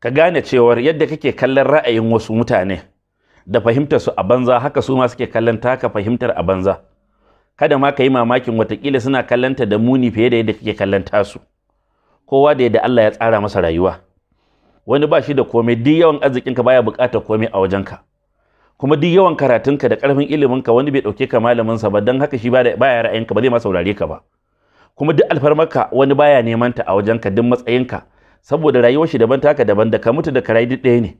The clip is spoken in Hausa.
ka gane cewar yadda kake kallon ra'ayin wasu mutane da fahimtar su a banza haka su ma suke kallon taka fahimtar a banza kada ma ka yi mamakin watakila suna kallonta da muni fiye da yadda kake kallon tasu kowa da yadda Allah ya tsara masa rayuwa wani ba shi da komai duk yawan arzikin ka baya buƙatar komai a wajenka kuma duk yawan karatun ka da ƙarfin ka wani bai ɗauke ka malaminsa ba don haka shi baya ra'ayinka ba zai ma saurare ka ba kuma duk alfarmarka wani baya neman ta a wajen ka duk matsayinka saboda rayuwar shi daban taka daban da ka mutu da ka rayu ɗaya ne